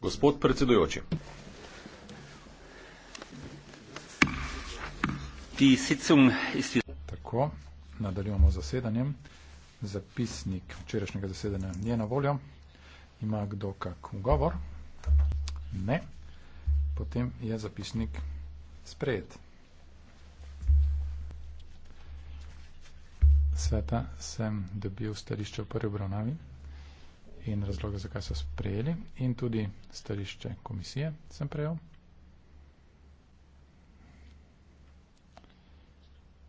Gospod predsedujoči. Tako, nadaljujemo z zasedanjem. Zapisnik včerajšnjega zasedanja je na voljo. Ima kdo kak ugovor? Ne. Potem je zapisnik sprejet. Sveta sem dobil stališče v prvi obravnavi in razloge, zakaj so sprejeli, in tudi stališče komisije sem prejel.